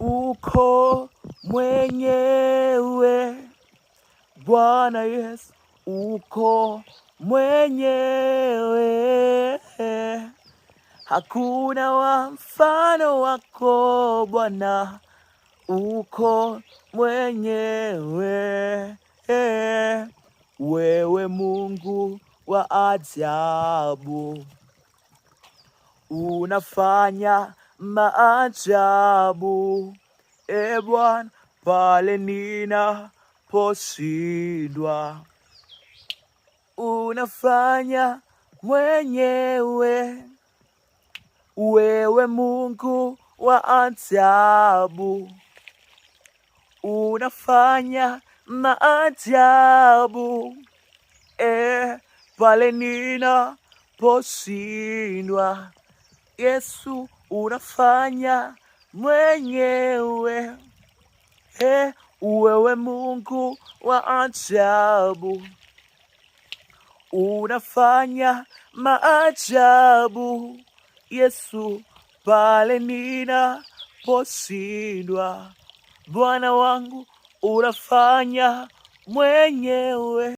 uko mwenyewe Bwana Yesu, uko mwenyewe, hakuna wa mfano wako Bwana, uko mwenyewe, wewe Mungu wa ajabu unafanya maajabu. E Bwana, pale ninaposhindwa, unafanya mwenyewe. Wewe Mungu wa ajabu, unafanya maajabu. E, pale ninaposhindwa Yesu unafanya mwenyewe eh, wewe Mungu wa ajabu unafanya maajabu Yesu, pale ninaposhindwa, Bwana wangu unafanya mwenyewe.